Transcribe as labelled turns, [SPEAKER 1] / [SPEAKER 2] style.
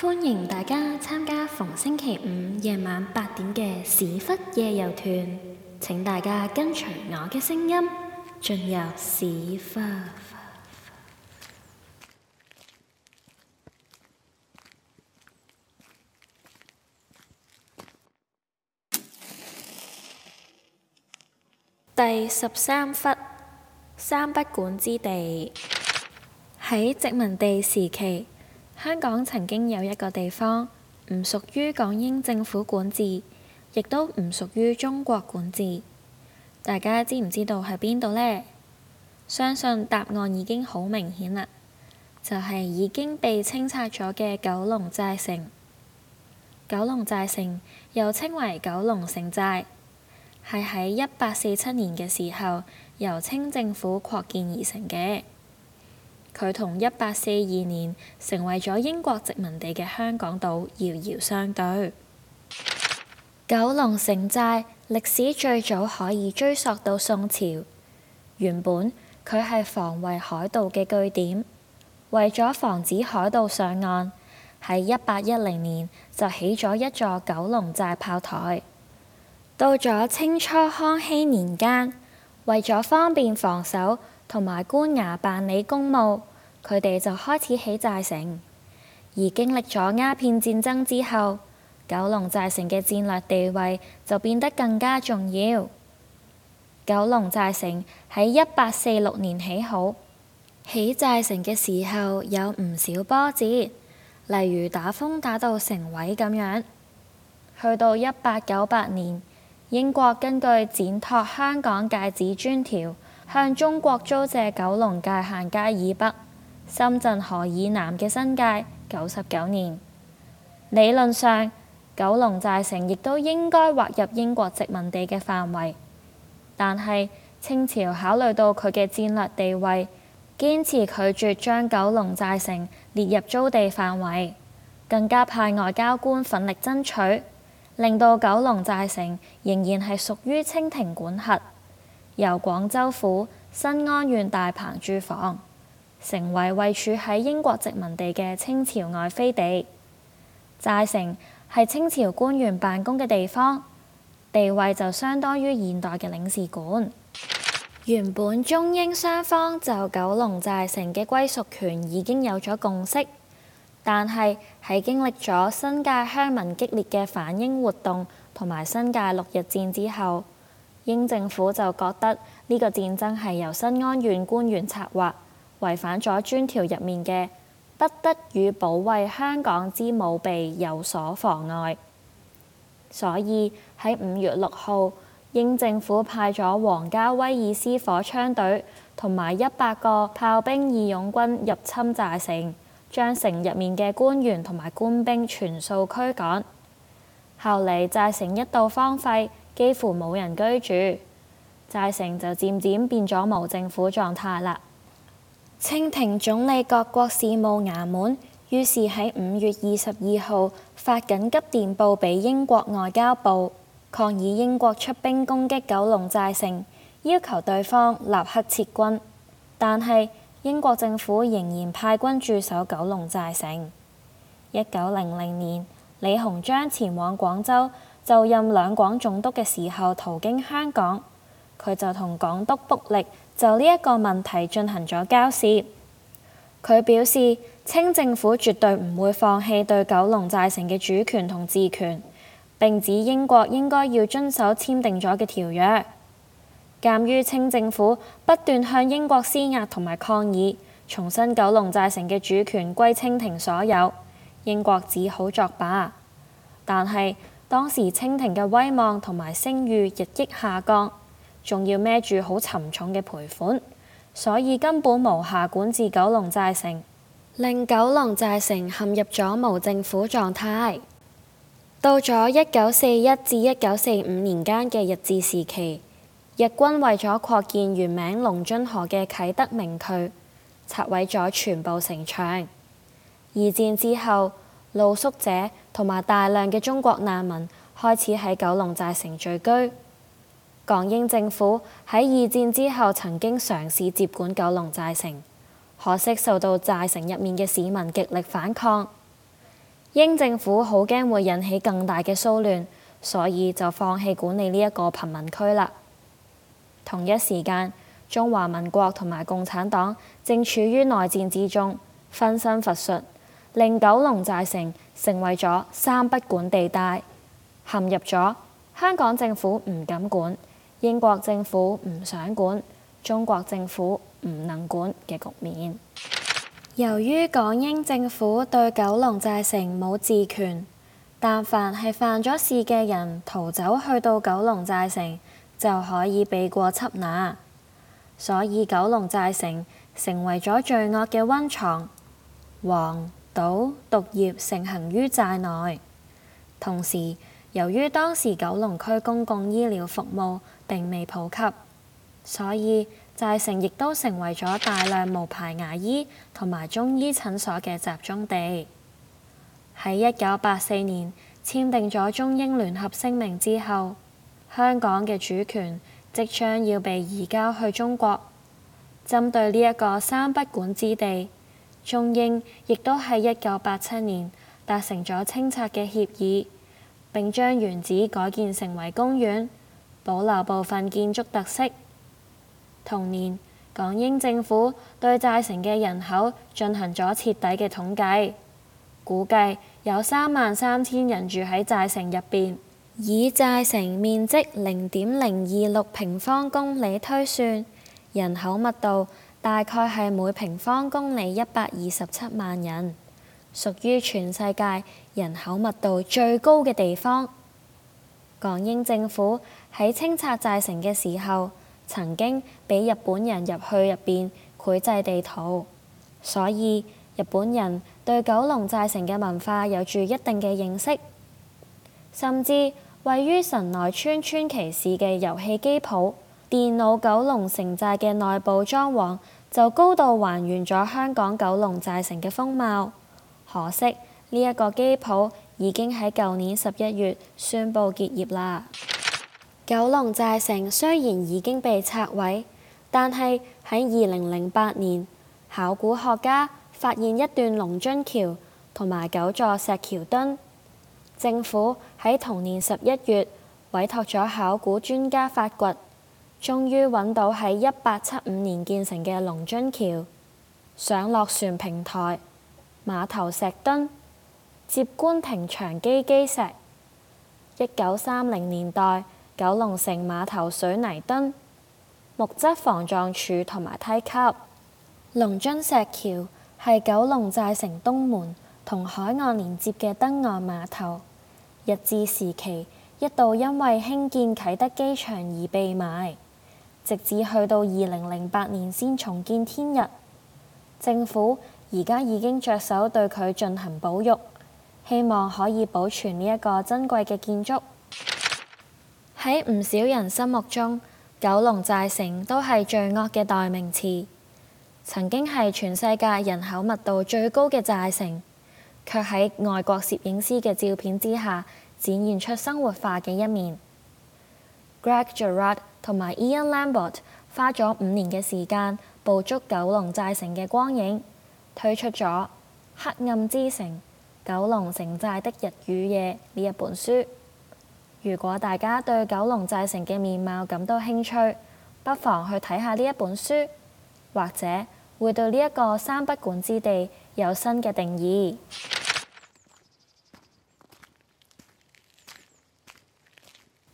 [SPEAKER 1] 歡迎大家參加逢星期五夜晚八點嘅史窟夜遊團。請大家跟隨我嘅聲音進入史窟。第十三窟，三不管之地，喺殖民地時期，香港曾經有一個地方唔屬於港英政府管治，亦都唔屬於中國管治，大家知唔知道係邊度呢？相信答案已經好明顯啦，就係已經被清拆咗嘅九龍寨城。九龍寨城又稱為九龍城寨，係喺一八四七年嘅時候由清政府擴建而成嘅。佢同一八四二年成為咗英國殖民地嘅香港島，遙遙相對。九龍城寨歷史最早可以追溯到宋朝，原本佢係防衛海盜嘅據點。為咗防止海盜上岸，喺一八一零年就起咗一座九龍寨炮台。到咗清初康熙年間，為咗方便防守。同埋官衙辦理公務，佢哋就開始起寨城。而經歷咗鴉片戰爭之後，九龍寨城嘅戰略地位就變得更加重要。九龍寨城喺一八四六年起好，起寨城嘅時候有唔少波折，例如打風打到城毀咁樣。去到一八九八年，英國根據《展拓香港界址專條》，向中國租借九龍界限街以北、深圳河以南嘅新界九十九年。理論上，九龍寨城亦都應該劃入英國殖民地嘅範圍，但係清朝考慮到佢嘅戰略地位，堅持拒絕將九龍寨城列入租地範圍，更加派外交官奮力爭取，令到九龍寨城仍然係屬於清廷管轄。由廣州府新安縣大鵬住房，成為位處喺英國殖民地嘅清朝外飛地。寨城係清朝官員辦公嘅地方，地位就相當於現代嘅領事館。原本中英雙方就九龍寨城嘅歸屬權已經有咗共識，但係喺經歷咗新界鄉民激烈嘅反英活動同埋新界六日戰之後。英政府就覺得呢個戰爭係由新安縣官員策劃，違反咗專條入面嘅不得與保衛香港之武備有所妨礙，所以喺五月六號，英政府派咗皇家威爾斯火槍隊同埋一百個炮兵義勇軍入侵寨城，將城入面嘅官員同埋官兵全數驅趕，後嚟寨城一度荒廢。幾乎冇人居住，寨城就漸漸變咗無政府狀態啦。清廷總理各國事務衙門於是喺五月二十二號發緊急電報俾英國外交部，抗議英國出兵攻擊九龍寨城，要求對方立刻撤軍。但係英國政府仍然派軍駐守九龍寨城。一九零零年，李鴻章前往廣州。就任兩廣總督嘅時候，途經香港，佢就同港督卜力就呢一個問題進行咗交涉。佢表示，清政府絕對唔會放棄對九龍寨城嘅主權同治權，並指英國應該要遵守簽訂咗嘅條約。鑑於清政府不斷向英國施壓同埋抗議，重申九龍寨城嘅主權歸清廷所有，英國只好作罷。但係。當時清廷嘅威望同埋聲譽日益下降，仲要孭住好沉重嘅賠款，所以根本無暇管治九龍寨城，令九龍寨城陷入咗無政府狀態。到咗一九四一至一九四五年間嘅日治時期，日軍為咗擴建原名龍津河嘅啟德明渠，拆毀咗全部城牆。二戰之後，露宿者。同埋大量嘅中國難民開始喺九龍寨城聚居。港英政府喺二戰之後曾經嘗試接管九龍寨城，可惜受到寨城入面嘅市民極力反抗。英政府好驚會引起更大嘅騷亂，所以就放棄管理呢一個貧民區啦。同一時間，中華民國同埋共產黨正處於內戰之中，分身乏術。令九龍寨城成為咗三不管地帶，陷入咗香港政府唔敢管、英國政府唔想管、中國政府唔能管嘅局面。由於港英政府對九龍寨城冇治權，但凡係犯咗事嘅人逃走去到九龍寨城就可以避過緝拿，所以九龍寨城成為咗罪惡嘅溫床。王賭毒業盛行於寨內，同時由於當時九龍區公共醫療服務並未普及，所以寨城亦都成為咗大量無牌牙醫同埋中醫診所嘅集中地。喺一九八四年簽訂咗中英聯合聲明之後，香港嘅主權即將要被移交去中國。針對呢一個三不管之地，中英亦都喺一九八七年達成咗清拆嘅協議，並將原址改建成為公園，保留部分建築特色。同年，港英政府對寨城嘅人口進行咗徹底嘅統計，估計有三萬三千人住喺寨城入邊。以寨城面積零點零二六平方公里推算，人口密度，大概係每平方公里一百二十七萬人，屬於全世界人口密度最高嘅地方。港英政府喺清拆寨城嘅時候，曾經俾日本人入去入邊繪製地圖，所以日本人對九龍寨城嘅文化有住一定嘅認識，甚至位於神奈川川崎市嘅遊戲機鋪電腦九龍城寨嘅內部裝潢就高度還原咗香港九龍寨城嘅風貌。可惜呢一個機鋪已經喺舊年十一月宣布結業啦。九龍寨城雖然已經被拆毀，但係喺二零零八年考古學家發現一段龍津橋同埋九座石橋墩，政府喺同年十一月委託咗考古專家發掘。終於揾到喺一八七五年建成嘅龍津橋，上落船平台、碼頭石墩、接官亭牆基基石，一九三零年代九龍城碼頭水泥墩、木質防撞柱同埋梯級。龍津石橋係九龍寨城東門同海岸連接嘅登岸碼頭，日治時期一度因為興建啟德機場而被埋。直至去到二零零八年先重見天日，政府而家已經着手對佢進行保育，希望可以保存呢一個珍貴嘅建築。喺唔 少人心目中，九龍寨城都係罪惡嘅代名詞，曾經係全世界人口密度最高嘅寨城，卻喺外國攝影師嘅照片之下，展現出生活化嘅一面。Greg Gerard 同埋 Ian Lambert 花咗五年嘅時間，捕捉九龍寨城嘅光影，推出咗《黑暗之城：九龍城寨的日與夜》呢一本書。如果大家對九龍寨城嘅面貌感到興趣，不妨去睇下呢一本書，或者會對呢一個三不管之地有新嘅定義。